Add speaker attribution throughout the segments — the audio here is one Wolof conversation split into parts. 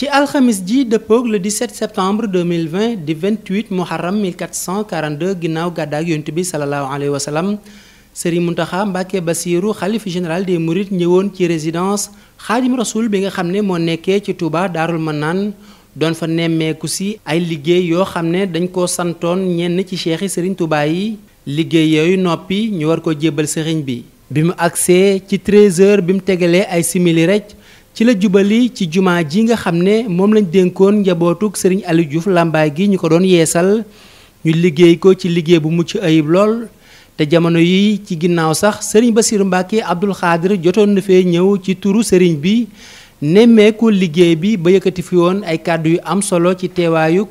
Speaker 1: ci alxamis ji dëppoog le 17 septembre 2020 di 28 muharram 1442 ginnaaw gàddaak yonent bi salallaahu alayhi wa sallam sëriñ Muntaxa Mbàkke Basiiru xalif général des mourides ñëwoon ci résidence xaadim rasul bi nga xam ne moo nekkee ci Touba Daarul naan doon fa nemmeeku si ay liggéey yoo xam ne dañ ko santoon ñenn ci cheikhi sëriñ Touba yi liggéey yooyu noppi ñu war ko jébbal sëriñ bi bi mu agsee ci 13 heures bi mu tegalee ay simili rek ci la jubali ci jumaa ji nga xam ne moom lañ dénkoon njabootug sëriñ Aliou Diouf làmbaay gi ñu ko doon yeesal ñu liggéey ko ci liggéey bu mucc ayib lool te jamono yi ci ginnaaw sax sëriñ Bassirou Mbacke Abdoul Khadir jotoon na fee ñëw ci turu sëriñ bi nemmeeku liggéey bi ba yëkkati fi woon ay kàddu yu am solo ci teewaayug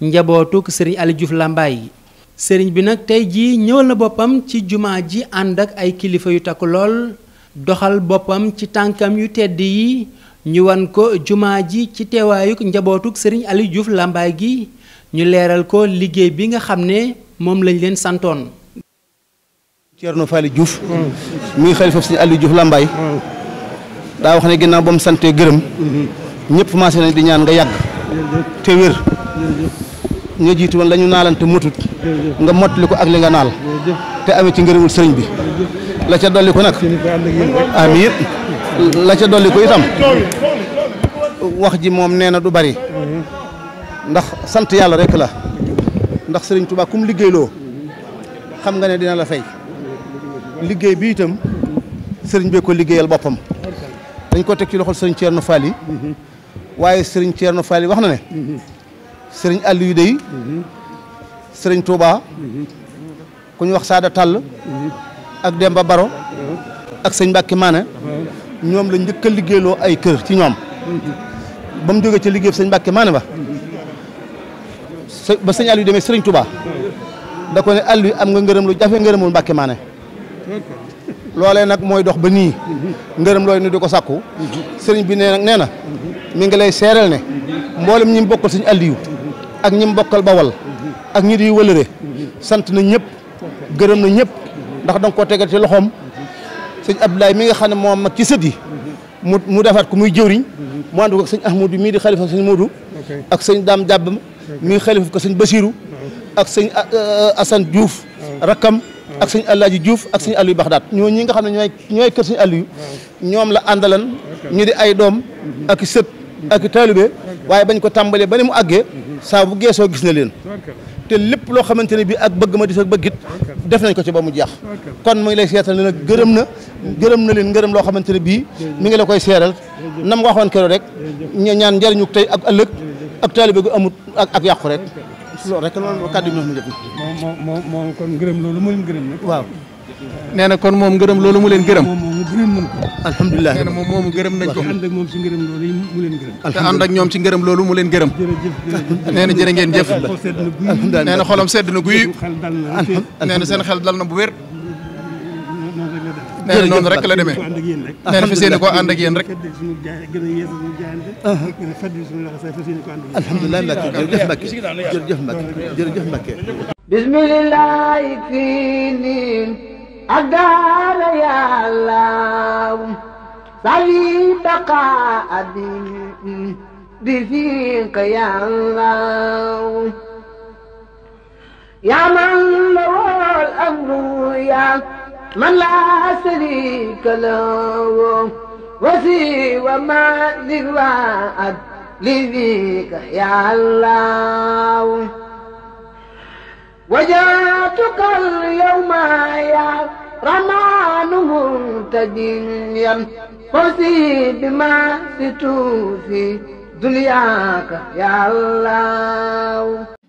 Speaker 1: njabootug sëriñ Aliou Diouf làmbaay yi sëriñ bi nag tey jii ñëwal na boppam ci jumaa ji ànd ak ay kilifa yu takk lool doxal boppam ci tànkam yu tedd yi ñu wan ko jumaa ji ci teewaayuk njabootuk sëriñ ali juuf làmbaay gi ñu leeral ko liggéey bi nga xam ne moom lañ leen santoon
Speaker 2: Ceerno Faali Diouf muy mm. xalifa sëriñ Aliou Diouf mm. daa wax ne ginnaaw ba mu santee gërëm mm-hmm. ñëpp commencé nañ di ñaan nga yàgg te wér nga jiitu woon lañu ñu naalante motut nga mottali ko ak li nga naal te amee ci ngërëmul sëriñ bi la ca dolli ko nag amiin la ca dolli ko itam wax ji moom nee na du bari ndax sant yàlla rek la ndax sëriñ Tuubaa kum liggéeyloo xam nga ne dina la fay liggéey bi itam sëriñ bee ko liggéeyal boppam dañ ko teg ci loxol sëriñ Thierno Fall yi waaye sëriñ Thierno Fall yi wax na ne sëriñ Aliou dey sëriñ Tuubaa ku wax Saada tàll ak Demba Baro ak sëñ Mbàkke Maane ñoom lañ njëkk a liggéeyloo ay kër ci ñoom ba mu jógee ca liggéey sëñ Mbàkke Maane ba ba sëñ Aliou demee Sëriñ Touba am nga ngërëm lu jafe ngërëmul Mbàkke Maane loolee nag mooy dox ba nii ngërëm looy ni di ko sàkku sëriñ bi nee nee na mi ngi lay seereel ne mboolem ñi mu bokkal sëñ Aliou ak ñi mu bokkal Bawol ak ñi di wëlëre sant na ñëpp gërëm na ñëpp ndax danga koo tegal ci loxoom sëñ Abdoulaye mi nga xam ne moom mag ci sët yi mu mu defaat ko muy jëwriñ mu ànd ko ak sëñ Ahmadou mii di xalifa sëñ Modou ak sëñ daam Diab mi xalifa ko sëñ Basirou ak sëñ euh, Assane Diouf rakkam ak sëñ Alaaji Diouf ak sëñ Aliou Baxdaat ñoo ñi nga xam ne ñooy ñooy kër sëñ Aliou ñoom la àndalan ñu di ay doom ak sët ak taalibe waaye bañ ko tàmbalee ba ni mu àggee saa geesoo gis na leen loo xamante ne bii ak bëgg ma di sa bëggit def nañ ko ci ba mu jeex kon mu ngi lay seetal ne nag gërëm na gërëm na leen ngërëm loo xamante ne bii mi ngi la koy seeral nam waxoon kero rek ñu ñaan njariñu tey ak ëllëg ak taalibe gu amut ak ak yàqu rek loolu rek loolu kàddu yi ñu def moom moom moom kon ngërëm loolu mu leen gërëm nag waaw nee na kon moom ngërëm loolu mu leen gërëm gërëm nañ ko alhamdulilah nee na moom moomu gërëm nañ ko ànd moom gërëm te ànd ak ñoom si ngërëm loolu mu leen gërëm nee na jërë ngeen jëf nee na sedd na guy nee na xel dal na bu wér nee na rek la demee nee na fas yéene koo ànd ak yéen rek alhamdulilah uh-huh. Mbacke jërëjëf Mbacke jërëjëf
Speaker 3: Mbacke jërëjëf Mbacke أقال يا الله صلي بقاء بفيق يا الله يا من له الأمر يا من لا شريك له وسوى ما للوعد لذيك يا الله وجاتك اليوم يا رمانه تجليا فوزي بما ستوفي دنياك يا الله